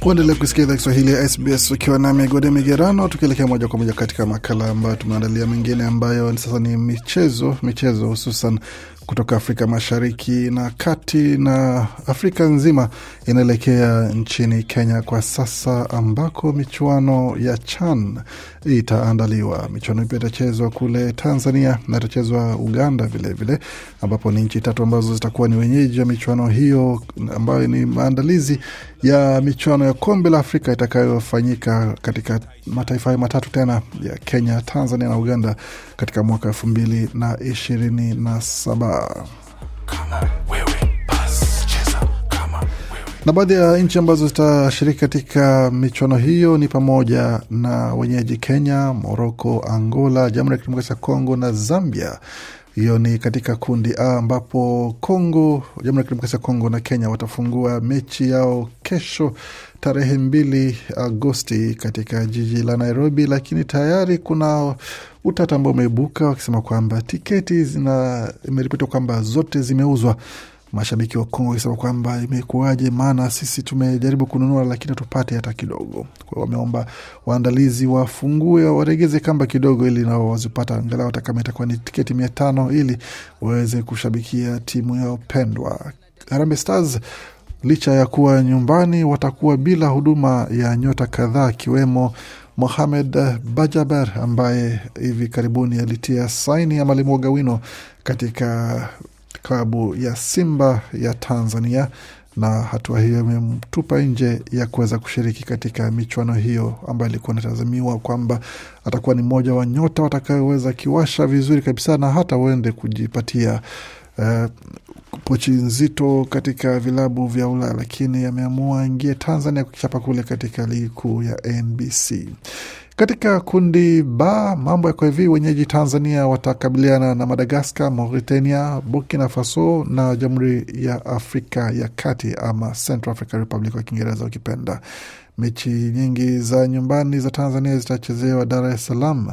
Kuendelea kusikia idhaa Kiswahili ya SBS ukiwa na migode Migerano, tukielekea moja kwa moja katika makala ambayo tumeandalia mengine ambayo sasa ni michezo, michezo hususan kutoka Afrika Mashariki na Kati na Afrika nzima inaelekea nchini Kenya kwa sasa, ambako michuano ya CHAN itaandaliwa. Michuano hiyo itachezwa kule Tanzania na itachezwa Uganda vilevile vile, ambapo ni nchi tatu ambazo zitakuwa ni wenyeji wa michuano hiyo ambayo ni maandalizi ya michuano ya eh, kombe la Afrika itakayofanyika katika mataifa hayo matatu tena ya Kenya, Tanzania na Uganda katika mwaka elfu mbili na ishirini na saba. Na baadhi ya nchi ambazo zitashiriki katika michuano hiyo ni pamoja na wenyeji Kenya, Moroko, Angola, Jamhuri ya Kidemokrasia ya Kongo na Zambia. Hiyo ni katika kundi A ambapo Kongo, Jamhuri ya Kidemokrasia ya Kongo na Kenya watafungua mechi yao kesho tarehe mbili Agosti katika jiji la Nairobi, lakini tayari kuna utata ambao umeibuka wakisema kwamba tiketi zina imeripotiwa kwamba zote zimeuzwa Mashabiki wa Kongo wakisema kwamba imekuwaje, maana sisi tumejaribu kununua lakini hatupate hata kidogo. Kwa hiyo wameomba waandalizi wafungue, waregeze kamba kidogo, ili nao wazipata angalau hata kama itakuwa ni tiketi mia tano ili waweze kushabikia timu yao pendwa Harambee Stars. Licha ya kuwa nyumbani, watakuwa bila huduma ya nyota kadhaa akiwemo Mohamed Bajaber ambaye hivi karibuni alitia saini malimu wa gawino katika klabu ya Simba ya Tanzania na hatua hiyo imemtupa nje ya kuweza kushiriki katika michuano hiyo ambayo ilikuwa inatazamiwa kwamba atakuwa ni mmoja wa nyota watakayoweza kiwasha vizuri kabisa na hata uende kujipatia uh, pochi nzito katika vilabu vya Ulaya, lakini ameamua ingie Tanzania kukichapa kule katika ligi kuu ya NBC. Katika kundi B mambo yako hivi, wenyeji Tanzania watakabiliana na Madagaskar, Mauritania, Burkina Faso na Jamhuri ya Afrika ya Kati ama Central Republic kwa Kiingereza ukipenda. Mechi nyingi za nyumbani za Tanzania zitachezewa Dar es Salaam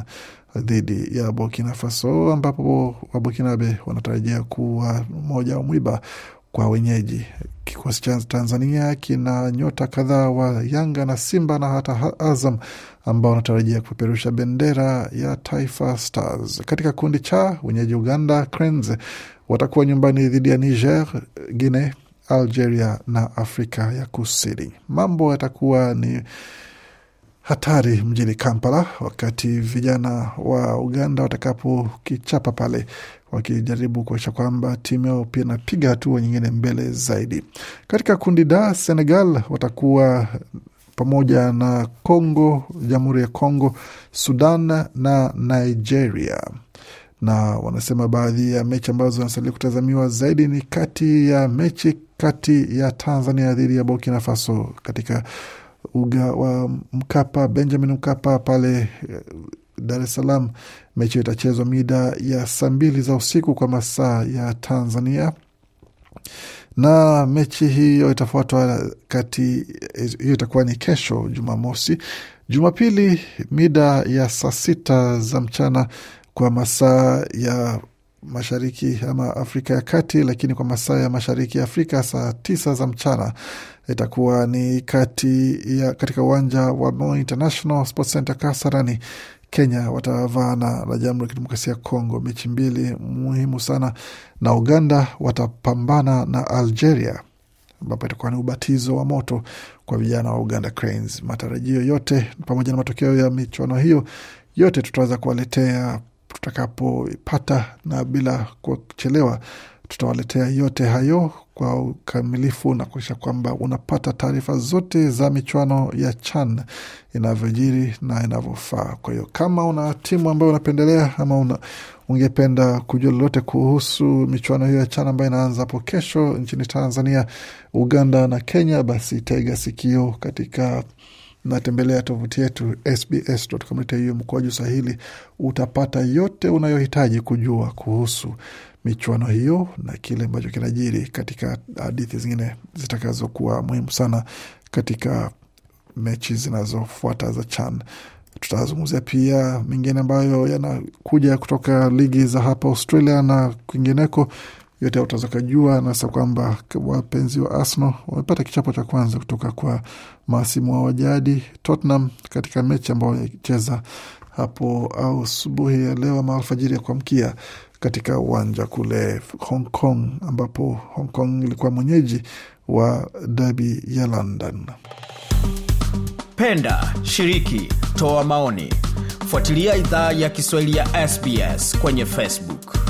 dhidi ya Burkina Faso ambapo waburkinabe wanatarajia kuwa moja wa mwiba kwa wenyeji. Kikosi cha Tanzania kina nyota kadhaa wa Yanga na Simba na hata Azam ambao wanatarajia kupeperusha bendera ya Taifa Stars. Katika kundi cha wenyeji, Uganda Cranes watakuwa nyumbani dhidi ya Niger, guine Algeria na Afrika ya Kusini. Mambo yatakuwa ni hatari mjini Kampala wakati vijana wa Uganda watakapokichapa pale wakijaribu kuonyesha kwamba timu yao pia inapiga hatua nyingine mbele zaidi. Katika kundi da, Senegal watakuwa pamoja na Congo, Jamhuri ya Congo, Sudan na Nigeria na wanasema baadhi ya mechi ambazo wanasalia kutazamiwa zaidi ni kati ya mechi kati ya Tanzania dhidi ya Burkina Faso katika uga wa Mkapa, Benjamin Mkapa pale eh, Dar es Salaam. Mechi hiyo itachezwa mida ya saa mbili za usiku kwa masaa ya Tanzania na mechi hiyo itafuatwa kati, hiyo itakuwa ni kesho Jumamosi. Jumapili mida ya saa sita za mchana kwa masaa ya mashariki ama Afrika ya Kati, lakini kwa masaa ya mashariki ya Afrika saa tisa za mchana itakuwa ni kati ya katika uwanja wa Moi International Sports Center Kasarani Kenya watavaana na Jamhuri ya Kidemokrasia ya Kongo mechi mbili muhimu sana, na Uganda watapambana na Algeria ambapo itakuwa ni ubatizo wa moto kwa vijana wa Uganda Cranes. Matarajio yote pamoja na matokeo ya michuano hiyo yote tutaweza kuwaletea tutakapoipata na bila kuchelewa tutawaletea yote hayo kwa ukamilifu na kuakisha kwamba unapata taarifa zote za michuano ya CHAN inavyojiri na inavyofaa. Kwa hiyo kama una timu ambayo unapendelea ama una ungependa kujua lolote kuhusu michuano hiyo ya CHAN ambayo inaanza hapo kesho nchini Tanzania, Uganda na Kenya, basi tega sikio katika natembelea tovuti yetu sbs.com.au mkoaju sahili Utapata yote unayohitaji kujua kuhusu michuano hiyo na kile ambacho kinajiri katika hadithi zingine zitakazokuwa muhimu sana katika mechi zinazofuata za CHAN. Tutazungumzia pia mengine ambayo yanakuja kutoka ligi za hapa Australia na kwingineko yote utaweza ukajua nasa kwamba wapenzi wa Arsenal wamepata kichapo cha kwanza kutoka kwa mahasimu wao wajadi Tottenham katika mechi ambayo walicheza hapo au asubuhi ya leo ama alfajiri ya kuamkia katika uwanja kule Hong Kong, ambapo Hong Kong ilikuwa mwenyeji wa derby ya London. Penda, shiriki, toa maoni, fuatilia idhaa ya Kiswahili ya SBS kwenye Facebook.